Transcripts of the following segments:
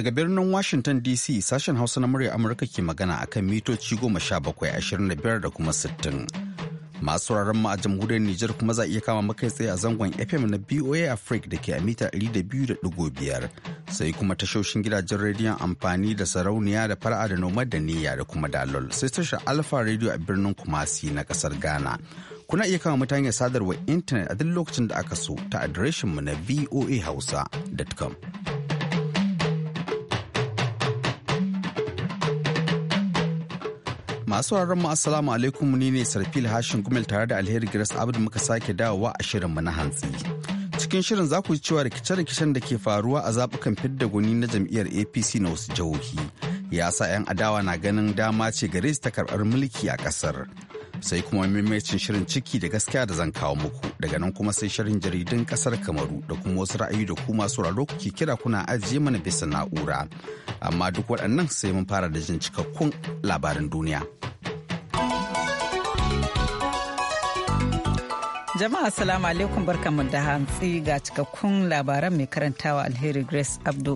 Daga birnin Washington DC sashen Hausa na murya Amurka ke magana akan mitoci goma sha bakwai ashirin da biyar da kuma sittin. Masu sauraron mu a jamhuriyar Nijar kuma za a iya kama makai tsaye a zangon FM na BOA Africa da ke a mita da biyar sai kuma tashoshin gidajen rediyon amfani da sarauniya da fara'a da noma da niyya da kuma dalol sai tashar Alpha Radio a birnin Kumasi na kasar Ghana. Kuna iya kama mutane hanyar sadarwar intanet a duk lokacin da aka so ta adireshin mu na voahausa.com. Masu mu Assalamu alaikum ni ne Sarfil Hashin Gumel tare da Alheri Grace Abdu muka sake dawowa a shirin mu na hantsi. Cikin shirin za ku ji cewa rikice-rikicen da ke faruwa a zaɓukan fidda guni na jam'iyyar APC na wasu jihohi. Ya sa 'yan adawa na ganin dama ce gare su ta karɓar mulki a ƙasar. Sai kuma maimacin shirin ciki da gaskiya da zan kawo muku daga nan kuma sai shirin jaridun ƙasar Kamaru da kuma wasu ra'ayi da kuma sauraro kuke kira kuna ajiye mana bisa na'ura. Amma duk waɗannan sai mun fara da jin cikakkun labarin duniya. Jama'a salamu alaikum barkamu da hantsi ga cikakkun labaran mai karantawa alheri Grace Abdu.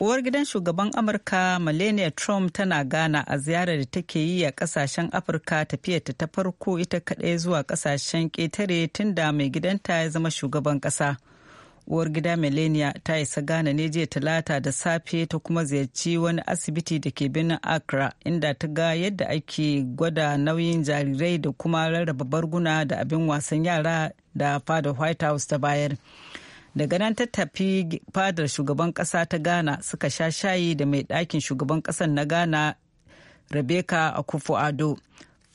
Uwar gidan shugaban Amurka Melania Trump tana gana a ziyarar da take yi a kasashen Afirka tafiyarta ta farko ita kaɗai zuwa kasashen ƙetare tunda da mai gidanta ya zama shugaban ƙasa. uwar gida melania ta isa ghana ne jiya talata da safe ta kuma ziyarci wani asibiti da ke birnin accra inda ta ga yadda ake gwada nauyin jarirai da kuma rarraba barguna da abin wasan yara da fada white house ta bayar daga nan ta tafi fadar shugaban kasa ta ghana suka sha shayi da mai ɗakin shugaban ƙasar na ghana rebecca akufo ado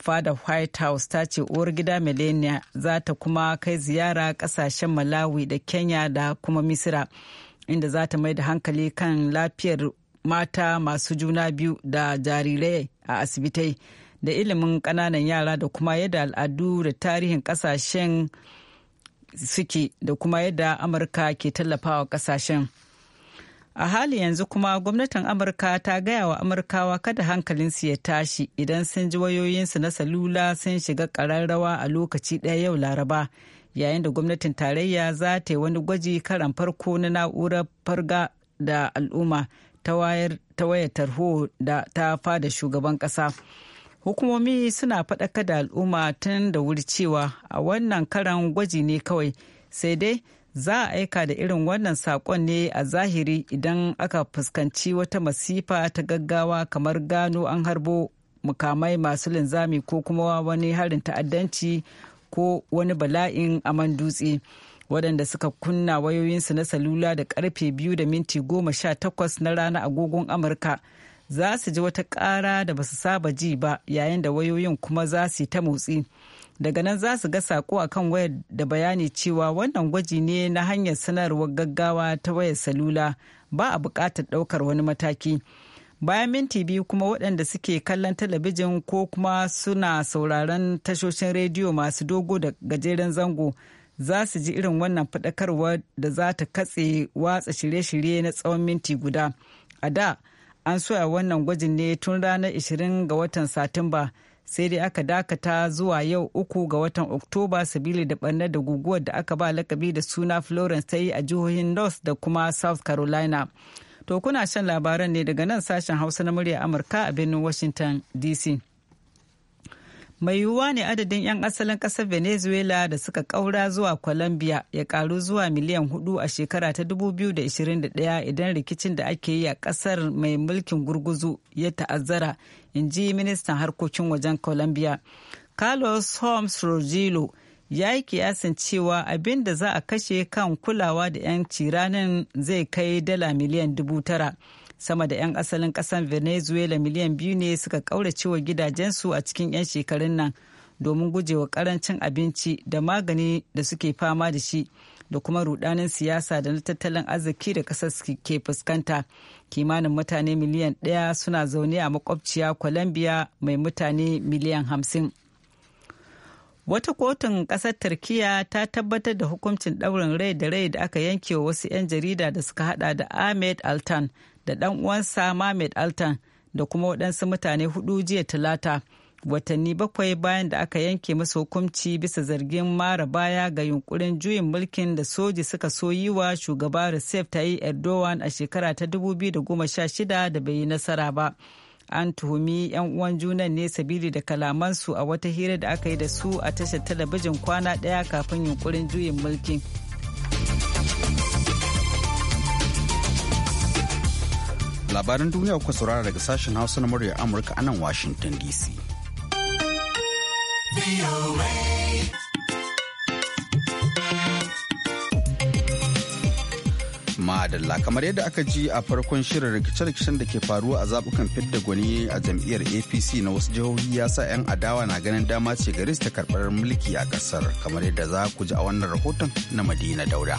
fada white house ta ce uwar gida melania za ta kuma kai ziyara kasashen malawi da kenya da kuma misira inda za ta mai da hankali kan lafiyar mata masu juna biyu da jarirai a asibitai da ilimin kananan yara da kuma yadda al'adu da tarihin kasashen suke da kuma yadda amurka ke tallafawa ƙasashen. kasashen a hali yanzu kuma gwamnatin amurka ta gaya wa amurkawa kada hankalinsu ya tashi idan sun ji wayoyinsu na salula sun shiga ƙararrawa a lokaci ɗaya yau laraba yayin da gwamnatin tarayya za ta yi wani gwaji karan farko na na'urar farga da al'umma ta wayar tarho da ta fada shugaban ƙasa hukumomi suna faɗaka da al'umma tun da wuri cewa a wannan karan gwaji ne kawai sai dai za a aika da irin wannan saƙon ne a zahiri idan aka fuskanci wata masifa ta gaggawa kamar gano an harbo mukamai masu linzami ko kuma wani harin ta'addanci ko wani bala'in aman dutse waɗanda suka kunna wayoyinsu na salula da karfe biyu da minti goma sha takwas na rana agogon amurka za su ji wata ƙara da ba su saba ji ba yayin da wayoyin kuma za su yi ta motsi. daga nan za su ga sako a kan wayar da bayani cewa wannan gwaji ne na hanyar sanarwar gaggawa ta wayar salula ba a buƙatar ɗaukar wani mataki bayan minti biyu kuma waɗanda suke kallon talabijin ko kuma suna sauraron tashoshin rediyo masu dogo da gajeren zango za su ji irin wannan faɗakarwa da za ta katse watsa shirye-shirye na tsawon minti guda a da an soya wannan gwajin ne tun ranar 20 ga watan satumba sai dai aka dakata zuwa yau uku ga watan oktoba sabili da barnar da guguwar da aka ba lakabi da suna florence ta yi a jihohin north da kuma south carolina to kuna shan labaran ne daga nan sashen hausa na murya amurka a birnin washington dc mai yiwuwa ne adadin 'yan asalin ƙasar venezuela da suka ƙaura zuwa colombia ya ƙaru zuwa miliyan hudu a shekara ta 2021 idan rikicin da ake yi a ƙasar mai mulkin gurguzu ya ta'azzara in ji ministan harkokin wajen colombia carlos holmes rogilo ya yi kiyasin cewa abin da za a kashe kan kulawa da 'yan ciranin zai kai dala miliyan dubu tara. sama da 'yan asalin ƙasar venezuela miliyan biyu ne suka ƙaurace wa gidajensu a cikin 'yan shekarun nan domin gujewa karancin abinci da magani da suke fama da shi da kuma rudanin siyasa da na tattalin arziki da ƙasar ke fuskanta kimanin mutane miliyan ɗaya suna zaune a makwabciya colombia mai mutane miliyan hamsin. Wata kotun ƙasar Turkiyya ta tabbatar da hukuncin ɗaurin rai da rai da aka yanke wa wasu 'yan jarida da suka hada da Ahmed Altan da ɗan uwansa Mahmed Altan da kuma waɗansu mutane hudu jiya Talata. Watanni bakwai bayan da aka yanke masa hukunci bisa zargin mara baya ga yunkurin juyin mulkin da soji suka so yi wa shugaba Recep Tayyip Erdogan a shekara ta 2016 da bai yi nasara ba. an tuhumi 'yan uwan junan ne sabili da kalamansu a wata hira da aka yi da su a tashar talabijin kwana ɗaya kafin yunkurin juyin mulkin. Labarin duniya kuka saurara daga sashen hausa na murya amurka anan washington dc Madalla kamar yadda aka ji a farkon shirin rikice-rikicen da ke faruwa a zabukan fidda gwani a jam'iyyar APC na wasu jihohi ya sa 'yan adawa na ganin dama ce garis ta karbar mulki a ƙasar kamar yadda za ku ji a wannan rahoton na Madina daura.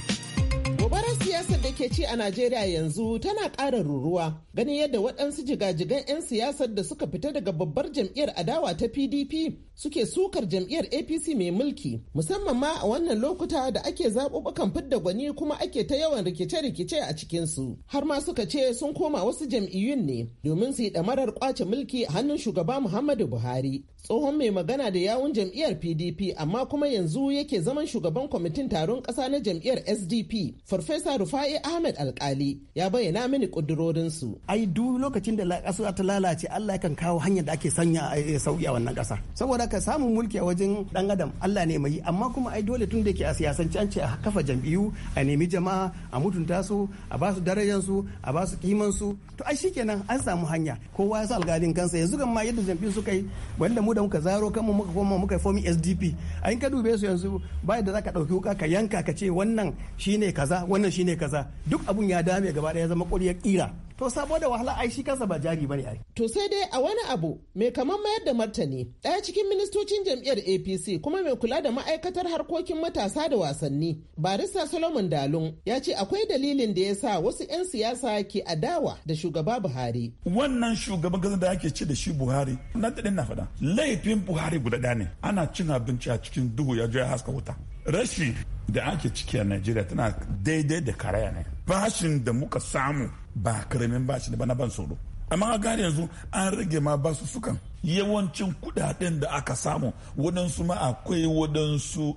yake ci a Najeriya yanzu tana ƙara ruruwa ganin yadda waɗansu jigajigan 'yan siyasar da suka fita daga babbar jam'iyyar adawa ta PDP suke sukar jam'iyyar APC mai mulki musamman ma a wannan lokuta da ake zaɓuɓɓukan fidda gwani kuma ake ta yawan rikice-rikice a cikinsu har ma suka ce sun koma wasu jam'iyyun ne domin su yi ɗamarar ƙwace mulki a hannun shugaba Muhammadu Buhari tsohon mai magana da yawun jam'iyyar PDP amma kuma yanzu yake zaman shugaban kwamitin taron ƙasa na jam'iyyar SDP Farfesa Rufai Ahmed Alkali ya bayyana mini kudurorinsu. Ai duk lokacin da ƙasa ta lalace Allah kan kawo hanyar da ake sanya eh, sauki a wannan kasa. Saboda ka samun mulki a wajen ɗan adam Allah ne mai amma kuma ai dole tun da ke a siyasance an ce a kafa jam'iyyu a nemi jama'a a mutunta su a ba su darajar su a ba su kiman su to ai shikenan an samu hanya kowa ya sa alƙalin kansa yanzu kan ma yadda jam'iyyu suka yi wanda mu da muka zaro kanmu muka koma muka fomi SDP ai ka dube su yanzu ba da zaka ɗauki wuka ka yanka ka ce wannan shine kaza wannan shine kaza duk abun ya dame gaba ɗaya zama ƙuryar ƙira to sabo da wahala ai shi kansa ba jari bane ai to sai dai a wani abu mai kamar mayar da martani ɗaya cikin ministocin jam'iyyar APC kuma mai kula da ma'aikatar harkokin matasa da wasanni barista Solomon Dalun ya ce akwai dalilin da ya sa wasu 'yan siyasa ke adawa da shugaba Buhari wannan shugaban ƙasar da ake ce da shi Buhari na daɗin na faɗa laifin Buhari guda ɗaya ne ana cin abinci a cikin duhu ya je haska wuta rashi da ake ciki a Najeriya tana daidai da karaya ne bashin da muka samu ba karamin bashi da bana ban sauro amma a gari yanzu an rage ma su sukan yawancin kudaden da aka samu waɗansu ma akwai waɗansu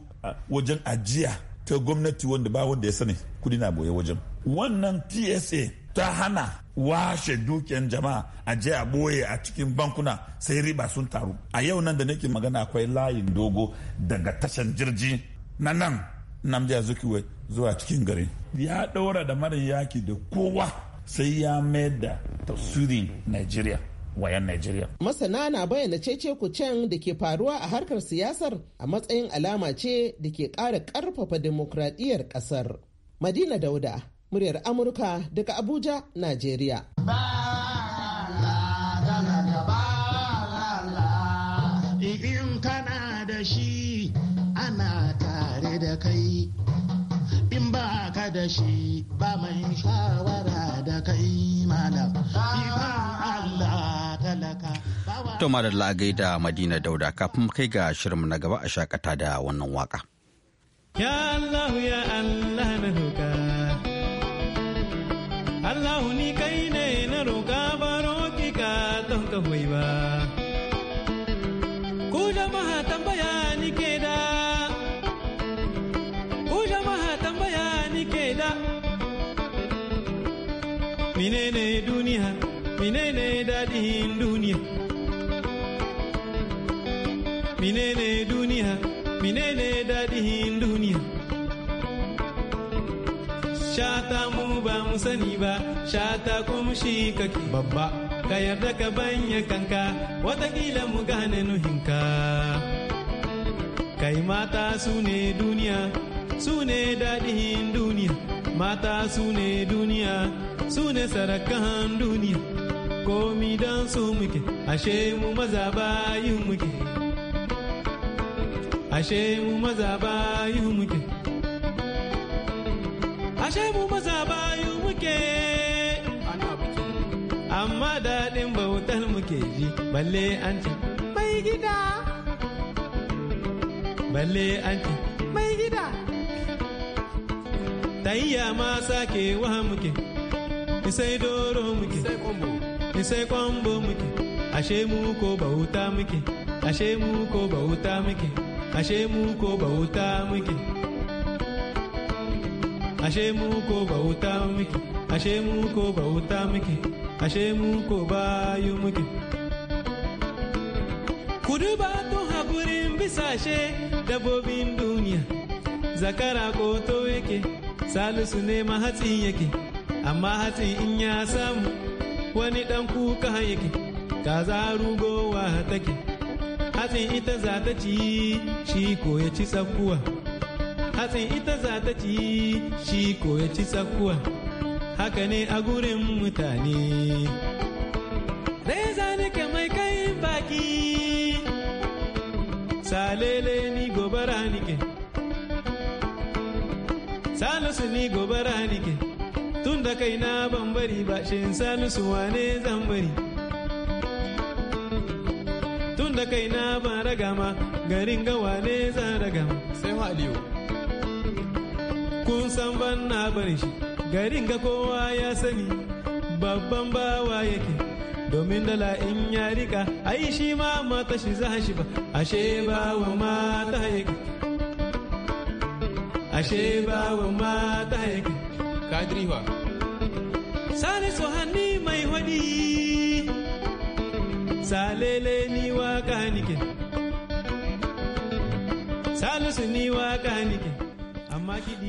wajen ajiya ta gwamnati wanda ba wanda ya sani kudi na boye wajen wannan tsa ta hana washe dukiyan jama'a a je a boye a cikin bankuna sai riba sun taru a yau nan da nake magana akwai layin dogo daga tashan jirgi na nan Nnamdi Azikiwe zuwa cikin gari. Ya ɗora da mara yaki da kowa sai ya mayar da tafsirin Nigeria. wayan Najeriya. Masana na bayyana cece can da ke faruwa a harkar siyasar a matsayin alama ce da ke ƙara ƙarfafa demokradiyyar ƙasar. Madina Dauda, muryar Amurka daga Abuja, Najeriya. shi ba mai shawara da kai imana talaka To Madina Dauda kafin kai ga shirinmu na gaba a shakata da wannan waka. Ya Allah ya Allah na roƙa Allah ni kai ne na roƙa ba roƙi ka don ka ba. Minene daɗin duniya Minene duniya minene daɗin duniya shata mu ba mu sani ba shata kuma shi kake babba ka yarda ka banya kanka watakila mu gane nuhinka kai mata su ne duniya su ne daɗin duniya mata su ne duniya su ne sarakan duniya komi don su muke ashe mu maza bayin muke ashe mu maza bayin muke ashe mu maza bayin muke amma daɗin bautar muke ji balle an ce mai gida balle an ce mai gida tayya ma sake wa muke sai doro muke sai kombo sai kwambo muke ashe mu ko bauta muke ashe mu ko bauta muke ashe mu ko bauta muke ashe mu ko bauta muke ashe mu ko bauta muke ashe mu ko bayu muke kudu ba to haburin bisashe dabobin duniya zakara ko to yake salisu ne mahatsi yake amma hatsi in ya samu wani ɗan kuka yake kaza rugowa take hatsin ita za ta ci shi ko ya ci tsakuwa hatsin ita za ta ci shi ko ya ci tsakuwa haka ne a gurin mutane reza ke mai kai baki salele ni gobara nike salisu ni gobara nike tun da kai na ban bari ba shin salisu wane zan bari tun da kai na ban ragama. garin gawa ne zan ragama. sai wa aliyu kun san ban na bari shi garin ga kowa ya sani babban bawa yake domin dala in ya rika ai shi ma mata shi za shi ba ashe bawa mata yake ashe bawa mata yake kadriwa sale salisu hanni mai sale salele ni waka sale salisu ni waka nike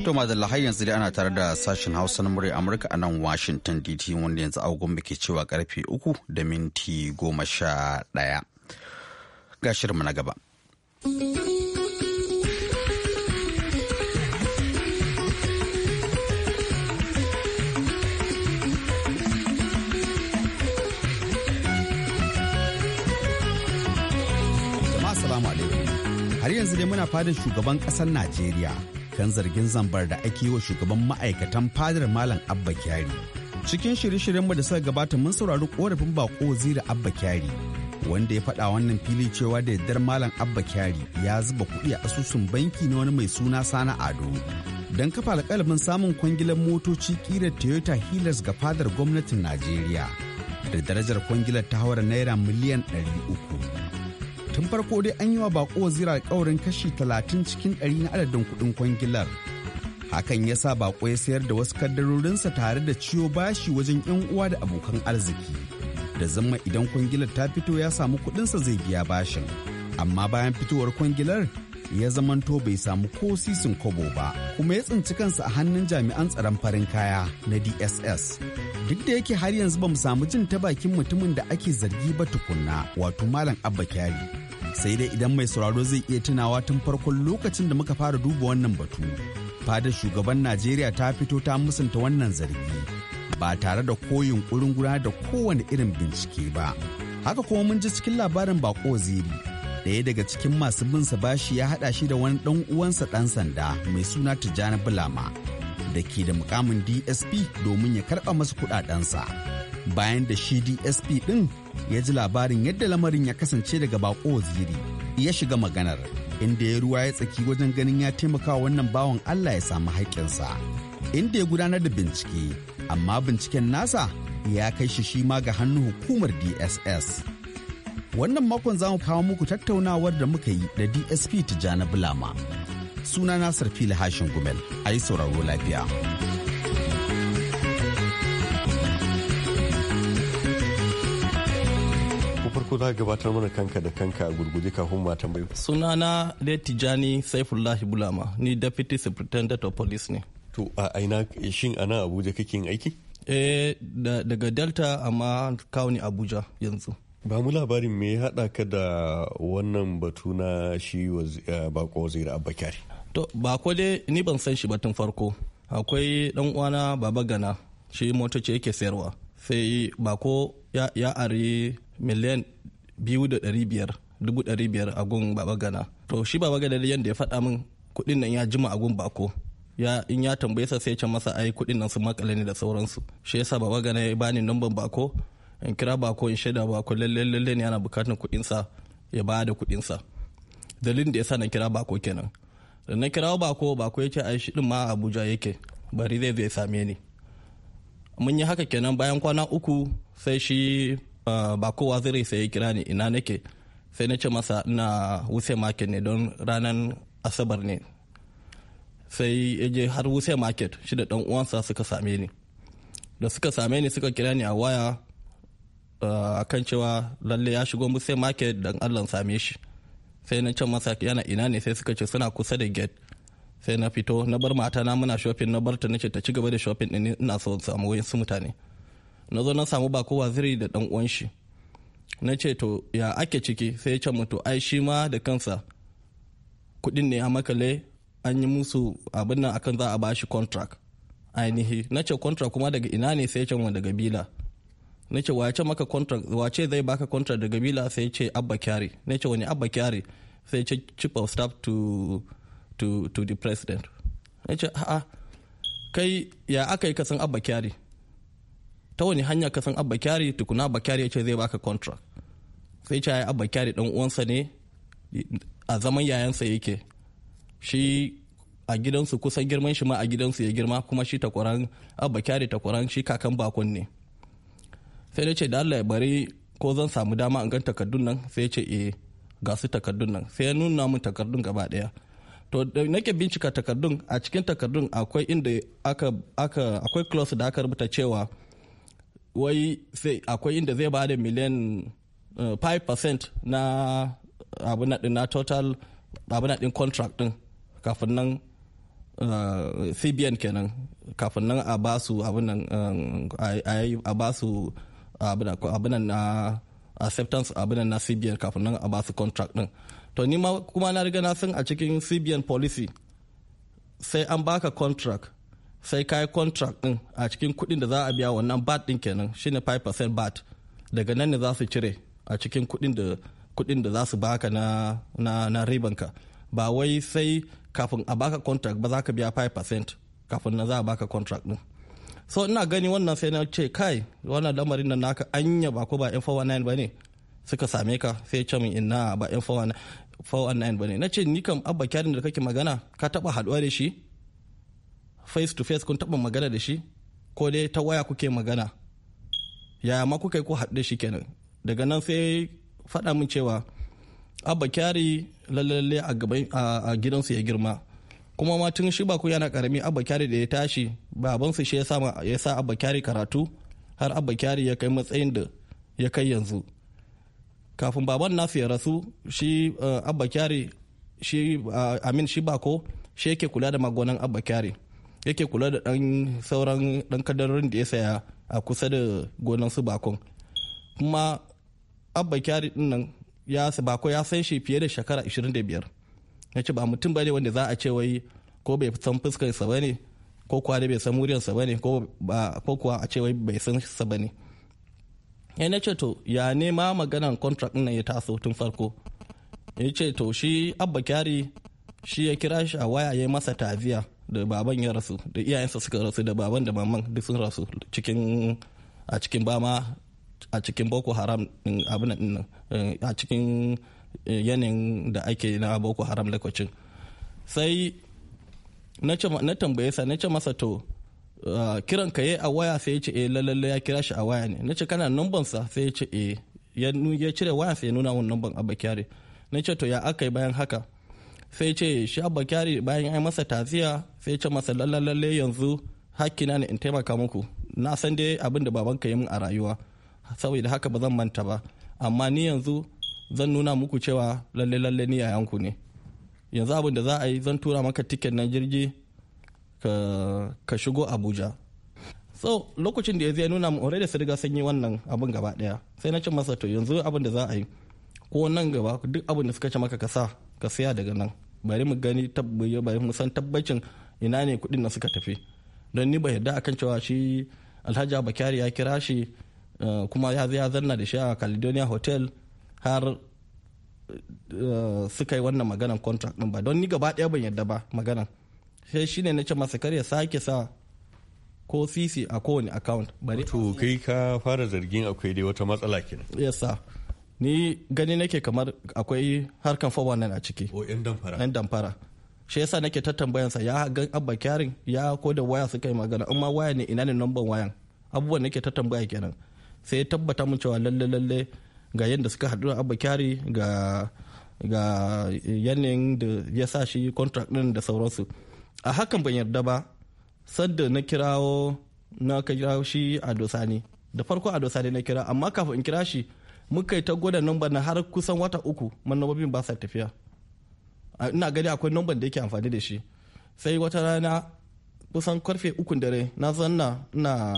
To madalla har yanzu dai ana tare da sashen Hausa na murya Amurka a nan Washington dc wanda yanzu agogon ke cewa karfe uku da minti goma sha ɗaya. Ga na gaba. yanzu dai muna fadin shugaban ƙasar Najeriya kan zargin zambar da ake yi wa shugaban ma'aikatan fadar Malam Abba Kyari. Cikin shirye-shiryenmu da suka gabata mun saurari korafin bako wazirin Abba Kyari wanda ya faɗa wannan fili cewa da yardar Malam Abba Kyari ya zuba kuɗi a asusun banki na wani mai suna Sana Ado. Don kafa alƙalamin samun kwangilan motoci ƙirar Toyota Hilux ga fadar gwamnatin Najeriya. Da darajar kwangilar ta haura naira miliyan ɗari uku. tun farko dai an yi wa bako wazira alkawarin kashi talatin cikin 100 na adadin kuɗin kwangilar hakan ya sa bako ya sayar da wasu kaddarorinsa tare da ciwo bashi wajen yan uwa da abokan arziki da zama idan kwangilar ta fito ya samu kuɗinsa zai biya bashin amma bayan fitowar kwangilar ya zamanto bai samu ko sisin kobo ba kuma ya tsinci kansa a hannun jami'an tsaron farin kaya na dss duk da yake har yanzu bamu samu jin ta bakin mutumin da ake zargi ba tukunna wato malam abba kyari sai dai idan mai sauraro zai iya tunawa tun farkon lokacin da muka fara duba wannan batu fadar shugaban najeriya ta fito ta musanta wannan zargi ba tare da koyin kurin da kowane irin bincike ba haka kuma mun ji cikin labarin bako ziri ɗaya daga cikin masu bin bashi ya haɗa shi da wani ɗan uwansa ɗan sanda mai suna tijjani bulama da ke da mukamin dsp domin ya karɓa masa kuɗaɗensa bayan da shi dsp ɗin ya ji labarin yadda lamarin ya kasance daga bako waziri ya shiga maganar inda ya ruwa ya tsaki wajen ganin ya taimaka wannan bawan Allah ya samu haƙƙinsa inda ya gudanar da bincike amma binciken nasa ya kai shi shi ma ga hannun hukumar DSS wannan makon za mu kawo muku tattaunawar da muka yi da DSP Tijjani Bulama suna Nasir Fili Hashin Gumel a sauraro lafiya. farko za ka gabatar mana kanka da kanka a gurguje kafin ma tambayi. Sunana Letijani Saifullahi Bulama ni Deputy Superintendent of Police ne. To a aina shin ana Abuja kake yin aiki? Eh daga Delta amma county Abuja yanzu. Ba mu labarin me ya haɗa ka da wannan batu na shi bako abba kyari To ko dai ni ban san shi ba tun farko. Akwai dan uwana Baba Gana shi motoci yake sayarwa. Sai bako ya, ya are miliyan biyu da biyar a gun baba gana to shi baba gana yadda ya faɗa min kuɗin nan ya jima a gun bako ya in ya tambaye sa sai can masa ai kuɗin nan su makale ne da sauransu shi yasa baba gana ya bani numban bako in kira bako in shaida bako lalle lalle ne yana bukatar kuɗin sa ya ba da kuɗin sa dalilin da yasa na kira bako kenan da na kira bako bako yake ai shi din ma Abuja yake bari zai zai same ni mun yi haka kenan bayan kwana uku sai shi ba kowa zai sai kira ni ina nake sai na ce masa ina wuse market ne don ranar asabar ne sai ya je har wuse market shi da dan uwansa suka same ni da suka same ni suka kira ni a waya eh, a kan cewa lalle ya shigo wuse market don allah same shi sai na ce masa yana ina ne sai suka ce suna kusa da gate sai na fito na bar mata na muna shopping na bar ta nace ta ci gaba da shopping din ina so samu wayansu mutane na zo na samu bako waziri da dan uwan shi na ce to ya ake ciki sai ya ce mutu ai shi ma da kansa kudin ne a makale an yi musu abin nan akan za a bashi contract ainihi na ce contract kuma daga ina ne sai ya ce mu daga bila na ce wace maka contract wace zai baka contract daga bila sai ya ce abba kyari na ce wani abba kyari sai ya ce chief of staff to to to the president na ce a'a kai ya aka yi kasan abba kyari ta wani hanya ka san abba kyari tukuna abba kyari ya ce zai baka contract sai ce abba kyari dan uwansa ne a zaman yayansa yake shi a gidansu kusan girman shi ma a gidansu ya girma kuma shi takwaran abba kyari ta takwaran shi kakan bakon ne sai da ce da allah ya bari ko zan samu dama in gan takardun nan sai ya ce eh ga su takardun nan sai ya nuna min takardun gaba daya to da nake bincika takardun a cikin takardun akwai inda aka akwai clause da aka rubuta cewa wai sai akwai inda zai ba da miliyan 5% eh, na abin na total abin din contract din kafin nan eh, cbn kenan kafin nan a ba su abin eh, a ba su na acceptance abin na cbn kafin nan a ba su contract din to ni kuma na riga na san a cikin cbn policy sai an baka contract sai ka yi contract din a cikin kuɗin da za a biya wannan bat din kenan shine 5% bat daga nan ne za su cire a cikin kuɗin da kuɗin da za su baka na na, na ka ba wai sai kafin a baka contract ba za ka biya 5% kafin na za a baka contract din so ina gani wannan sai na ce kai wannan lamarin nan naka anya ba ko ba m419 ba ne suka same ka sai ce min ina ba m419 ba ne na ce ni kam abba kyarin da kake magana ka taba haduwa da shi face to face kun taba magana da shi ko dai ta waya kuke magana yaya ma kuka yi ko haɗu da shi kenan daga nan sai faɗa min cewa abba kyari lalle a gaban a gidansu ya girma kuma ma tun shi ba ku yana karami abba kyari da ya tashi baban su shi ya sa abba kyari karatu har abba kyari ya kai matsayin da ya kai yanzu kafin baban nasu ya rasu shi eh, abba kyari shi eh, amin shi ko shi yake kula da magonan abba kyari yake kula da ɗan sauran ɗan kadarorin da ya saya a kusa da gonan su bakon kuma abba kyari din nan ya bako ya san shi fiye da shekara 25 ya ce ba mutum ba ne wanda za a ce wai ko bai san fuskar ba ne ko kuwa da bai san muryar ba ne ko kuwa a ce wai bai san sa bane ne ya na ce to ya ma maganan contract nan ya taso tun farko yace to shi abba kyari shi ya kira shi a waya ya masa taziya da baban ya rasu da iyayensa suka rasu da baban da mamman duk sun rasu cikin a cikin bama a cikin boko haram abin nan eh, a cikin eh, yanayin da ake na boko haram lokacin sai na tambaye sa na ce masa to eh, kiran ka a waya sai ya ce eh lalalle ya kira shi a waya ne na ce kana numban sa sai ya ce eh ya cire waya sai ya nuna mun numban abakiyare na ce to ya aka yi bayan haka sai ce shi abba kyari bayan ai masa taziya sai ce masa lalle yanzu hakkina ne in taimaka muku na san dai abin da babanka yi min a rayuwa saboda haka ba zan manta ba amma ni yanzu zan nuna muku cewa lalle lalle ni yayanku ne yanzu abin da za a yi zan tura maka tiket na jirgi ka, shigo abuja so lokacin da ya zai nuna mu already sun riga sun yi wannan abin gaba daya sai na ce masa to yanzu abin da za a yi ko nan gaba duk abin da suka ce maka ka sa ka siya daga nan bari mu gani bari mu san tabbacin ina ne kuɗin na suka tafi don ni ba yarda akan cewa shi alhaji abakari ya kira shi eh, kuma ya ya zanna da shi a caledonia hotel har eh, suka yi wannan maganan contract din ba don ni gaba daya ban yarda ba maganan sai shine na ce masa kar ya sake sa ko sisi a kowane account bari to kai ka fara zargin akwai dai wata matsala kenan yes sir ni gani nake kamar akwai harkan fawa nan a ciki o oh, yan damfara yan damfara shi yasa nake tattambayansa sa ya ga abba kyarin ya ko da waya suka yi magana amma waya ne ina ne number wayan abubuwan nake tattambaya kenan sai tabbata mun cewa lalle lalle ga yadda suka haɗu abba kyari ga ga yanayin da ya sa shi contract din da sauransu a hakan ban yarda ba sadda na kirawo na kirawo shi a dosani da farko a dosani na kira amma kafin in kira shi muka yi ta gwada number na har kusan wata uku manobobin ba sa tafiya ina gani akwai number da yake amfani da shi sai wata rana kusan karfe uku dare na zanna na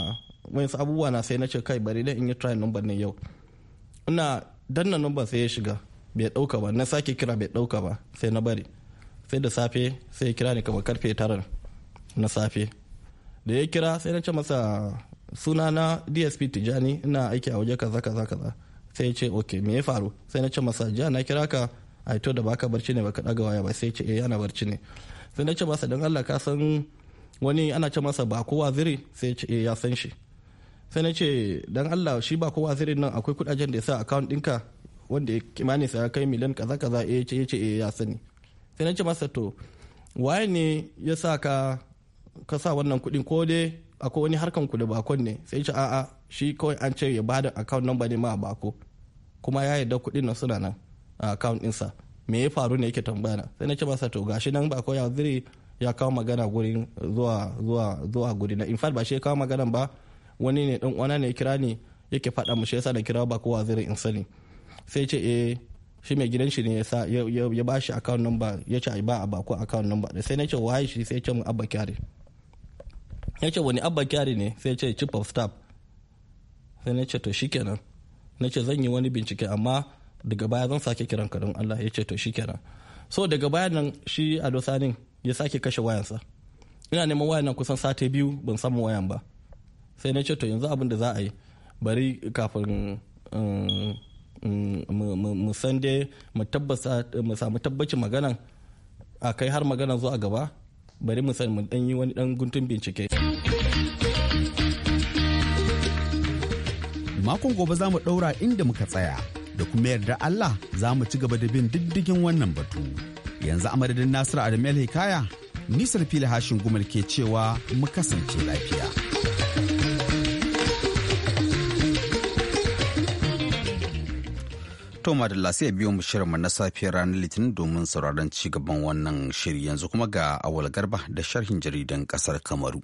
wani abubuwa na sai na ce kai bari dan in yi try number ne yau ina danna number sai ya shiga bai dauka ba na sake kira bai dauka ba sai na bari sai da safe sai ya kira ni kamar karfe tara na safe da ya kira sai na ce masa sunana dsp tijani ina aiki a waje kaza kaza kaza sai ya ce ok me ya faru sai na ce masa jiya na kira ka a to da baka barci ne baka daga waya ba sai ya ce eh ana barci ne sai na ce masa don Allah ka san wani ana ce masa ba kowa ziri sai ya ce eh ya san shi sai na ce don Allah shi ba kowa zirin nan akwai kudajen da ya sa account dinka wanda kimanin ya kai miliyan kaza kaza eh ya ce eh ya sani sai na ce masa to waye ne ya sa ka ka sa wannan kudin ko dai akwai wani harkan ku da bakon ne sai ce a'a shi kawai an ce ya bada account number ne ma a bako kuma ya yadda kuɗin na suna nan a account ɗinsa me ya faru ne yake tambaya na sai na ce masa to gashi nan bako ya zire ya kawo magana gurin zuwa zuwa zuwa guri na in fact ba shi ya kawo magana ba wani ne dan wani ne ya kira ni yake faɗa mu shi yasa da kira bako wa zire in sani sai ce eh shi mai gidan shi ne ya ya ba shi account number ya ce ba a bako account number sai na ce waye shi sai ya ce mu abba kyare ya ce wani abba kyari ne sai ya ce chief of staff sai na ce to shikenan na ce zan yi wani bincike amma daga baya zan sake kiran ka don Allah ya ce to shikenan so daga baya nan shi Ado ya sake kashe wayansa ina neman wayan nan kusan sati biyu ban mu wayan ba sai na ce to yanzu abin da za a yi bari kafin um, mu san dai mu samu tabbacin maganan a kai har maganan zuwa gaba bari mu san mu dan yi wani dan guntun bincike makon gobe za mu ɗaura inda muka tsaya da kuma yarda Allah za mu ci gaba da bin diddigin wannan batu. Yanzu a madadin Nasiru Adamu Hikaya, Nisar Fili Hashin gumar ke cewa mu kasance lafiya. To Madalla sai biyo mu shirinmu na safiyar ranar Litinin domin sauraron ci gaban wannan shiri yanzu kuma ga awal garba da sharhin jaridan kasar Kamaru.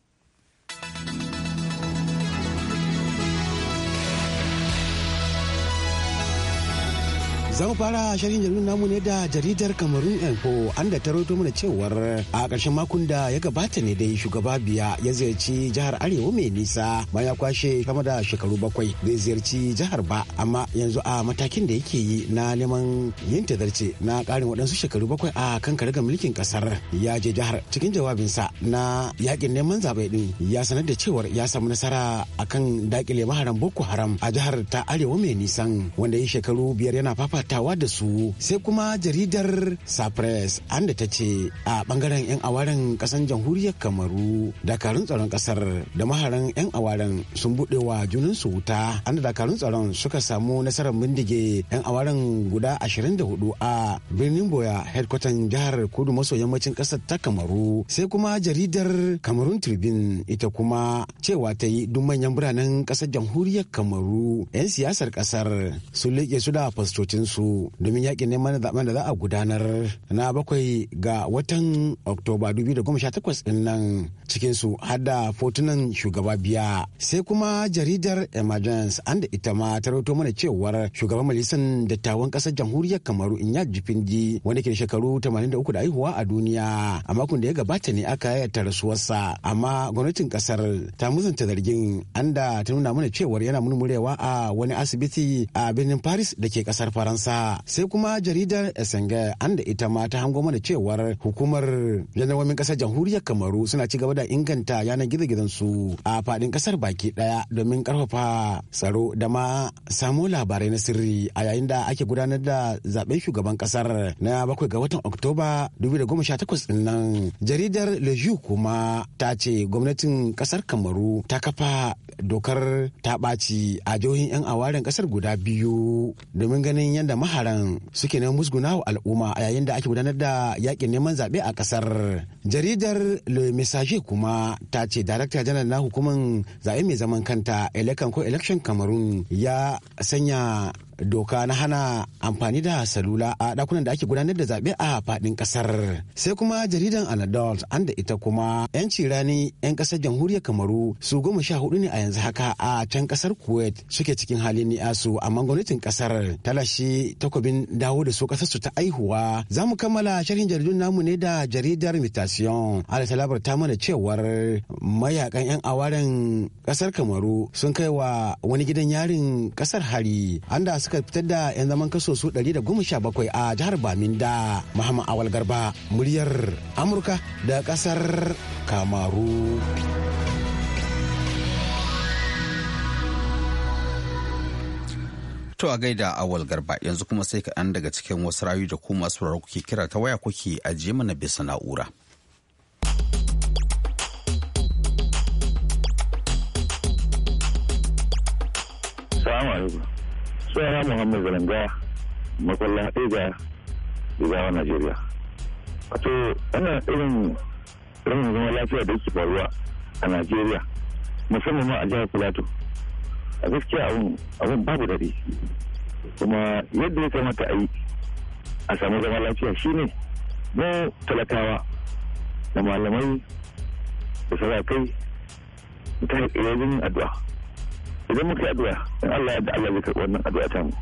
Za mu fara shirin jaridun namu ne da jaridar Kamarun Info an da taro mana cewar a ƙarshen makon da ya gabata ne dai shugaba biya ya ziyarci jihar Arewa mai nisa bayan ya kwashe sama da shekaru bakwai bai ziyarci jihar ba amma yanzu a matakin da yake yi na neman yin tazarce na ƙarin waɗansu shekaru bakwai a kan ga mulkin ƙasar ya je jihar cikin jawabinsa na yakin neman zaɓe ɗin ya sanar da cewar ya samu nasara akan dakile maharan Boko Haram a jihar ta Arewa mai nisan wanda ya shekaru biyar yana fafa fafatawa da su sai kuma jaridar sapres an da ta ce a bangaren 'yan awaren kasan jamhuriyar kamaru dakarun tsaron kasar da maharan 'yan awaren sun buɗe wa junansu wuta anda dakarun tsaron suka samu nasarar bindige 'yan awaren guda 24 a birnin boya hedkwatan jihar kudu maso yammacin kasar ta kamaru sai kuma jaridar kamarun tribune ita kuma cewa ta yi duk manyan biranen kasar jamhuriyar kamaru 'yan siyasar kasar sun liƙe su da fastocinsu su domin yakin neman zaben da za a gudanar na bakwai ga watan oktoba 2018 din nan cikin su har da fotunan shugaba biya sai kuma jaridar emergence an da ita ma ta rauto mana cewar shugaban majalisar dattawan kasar jamhuriyar kamaru in inyaji findi Wani ke shekaru 83 da haihuwa a duniya a makon da ya gabata ne aka yayata rasuwarsa amma gwamnatin kasar ta musanta zargin an da ta nuna mana cewar yana murmurewa a wani asibiti a birnin paris da ke kasar faransa ƙasa sai kuma jaridar esenge an da ita ma ta hango mana cewar hukumar janaromin ƙasar jamhuriyar kamaru suna ci gaba da inganta yanar gizo su a faɗin ƙasar baki ɗaya domin ƙarfafa tsaro da ma samo labarai na sirri a yayin da ake gudanar da zaben shugaban ƙasar na bakwai ga watan oktoba 2018 ɗin nan jaridar leju kuma ta ce gwamnatin ƙasar kamaru ta kafa dokar ta ɓaci a jihohin 'yan awaren ƙasar guda biyu domin ganin yadda da maharan suke neman musguna wa al'umma a yayin da ake gudanar da yakin neman zaɓe a ƙasar. Jaridar Le Message kuma ta ce Darakta Janar na hukumar zaɓe mai zaman kanta Elekan ko Election Cameroon ya sanya doka na hana amfani da salula a dakunan da ake gudanar da zaɓe a faɗin ƙasar sai kuma jaridan an adult an ita kuma 'yanci rani 'yan ƙasar jamhuriyar kamaru su goma sha hudu ne a yanzu haka a can ƙasar kuwait suke cikin halin su amma gwamnatin ƙasar talashi takobin dawo da su ƙasar su ta aihuwa za mu kammala sharhin jaridun namu ne da jaridar mutation ala talabar ta mana cewar mayakan 'yan awaren ƙasar kamaru sun kai wa wani gidan yarin ƙasar hari an da suka fitar da 'yan zaman kaso su 117 a jihar Baminda Muhammad Awal Garba muryar Amurka da kasar Kamaru. To a gaida awal garba yanzu kuma sai kaɗan daga cikin wasu rayu da ku masu kuke kira ta waya kuke ajiye mana bisa na'ura. Salamu alaikum. Tsara Muhammad Zalanga makwalla haɗe da Igawa Najeriya. Wato ana irin rashin zama lafiya da yake faruwa a Najeriya musamman ma a jihar Filato. A gaskiya abun babu daɗi. Kuma yadda ya kamata a yi a samu zama lafiya shine mu talakawa da malamai da sarakai yin ta addu'a. idan muka addu'a Allah ya Allah zai karɓi wannan addu'a ta mu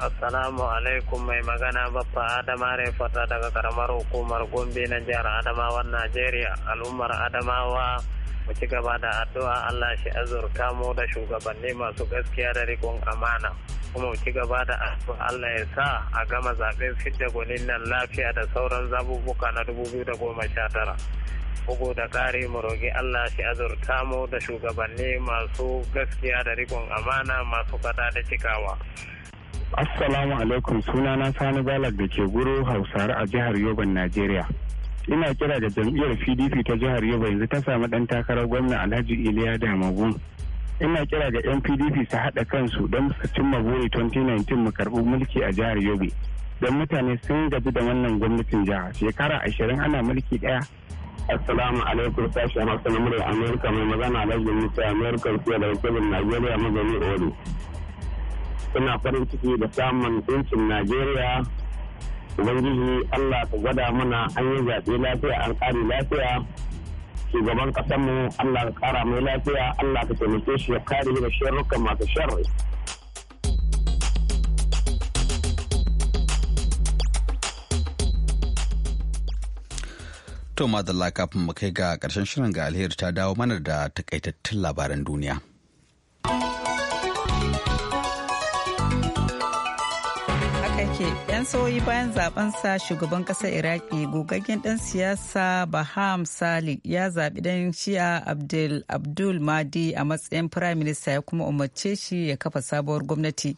Assalamu alaikum mai magana Baffa Adama Refata daga karamar hukumar Gombe na jihar adamawa Najeriya al'ummar Adamawa mu ci gaba da addu'a Allah shi azurta mu da shugabanni masu gaskiya da rikon amana kuma mu ci gaba da addu'a Allah ya sa a gama zaɓen fidda gwanin nan lafiya da sauran zabubuka na 2019 bugu da ƙari mu roƙi Allah shi azurta mu da shugabanni masu gaskiya da rikon amana masu kada da cikawa. Assalamu alaikum sunana Sani Balak da ke guru Hausare a jihar Yoban Najeriya. Ina kira da jam'iyyar PDP ta jihar Yoba yanzu ta samu ɗan takarar gwamna Alhaji Iliya Damagun. Ina kira ga 'yan PDP su haɗa kansu don su cimma buri 2019 mu karɓi mulki a jihar Yobe. Don mutane sun gaji da wannan gwamnatin jiha shekara ashirin ana mulki ɗaya Assalamu alaikum a Hausa na murya Amerika mai magana Alhaji Musa Amerika fiye da wakilin Najeriya magani Ori. suna farin ciki da samun ɗincin Najeriya Ubangiji Allah ka gwada mana an yi zaɓe lafiya an ƙari lafiya. Shugaban ƙasarmu Allah ka ƙara mai lafiya Allah ka taimake shi ya kare daga sharrukan masu sharri. To madalla kafin mu kai ga ƙarshen shirin ga alheri ta dawo mana da takaitattun labaran duniya. yan sauyi bayan sa shugaban kasar iraki gogaggen dan siyasa baham sali ya zaɓi dan shi'a abdul abdul madi a matsayin prime minister ya kuma umarce shi ya kafa sabuwar gwamnati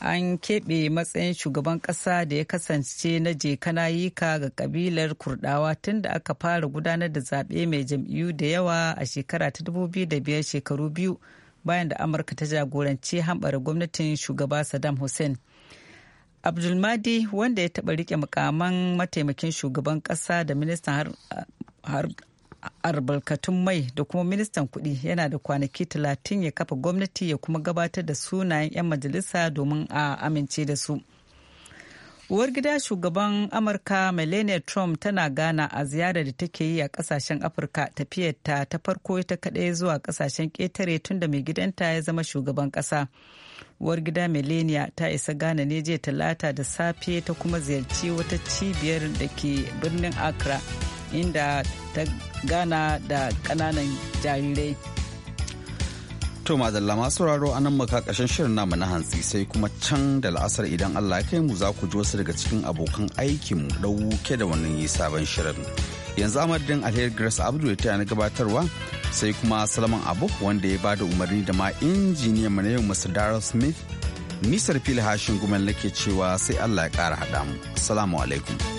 an keɓe matsayin shugaban ƙasa da ya kasance na je jekanayika ga ƙabilar kurdawa tun da aka fara gudanar da zaɓe mai jam'iyyu da yawa a shekara ta 2005 shekaru biyu bayan da amurka ta jagoranci hambara gwamnatin shugaba saddam hussein abdulmadi wanda ya taɓa rike mukaman mataimakin shugaban ƙasa da ministan albarkatun mai da kuma ministan kuɗi yana da kwanaki talatin ya kafa gwamnati ya kuma gabatar da sunayen 'yan majalisa domin a amince da su. uwar gida shugaban amurka melania trump tana gana a ziyarar da take yi a kasashen afirka tafiyarta ta farko ta kaɗai zuwa kasashen ƙetare tun da mai gidanta ya zama shugaban ƙasa uwar gida melania ta isa gana ne jiya talata da safe ta kuma ziyarci wata cibiyar da ke birnin accra inda ta gana da kananan jarirai. To mazalla masu sauraro anan muka kashin shirin namu na hantsi sai kuma can da la'asar idan Allah ya kai mu za ku ji wasu daga cikin abokan aikin mu ɗauke da wannan yi sabon shirin. Yanzu amadin alheri Grace Abdul ya na gabatarwa sai kuma Salman Abu wanda ya bada umarni da ma injiniya mu na yau Mr. Darrell Smith. Nisar fili hashin gumel nake cewa sai Allah ya kara haɗa mu. Assalamu alaikum.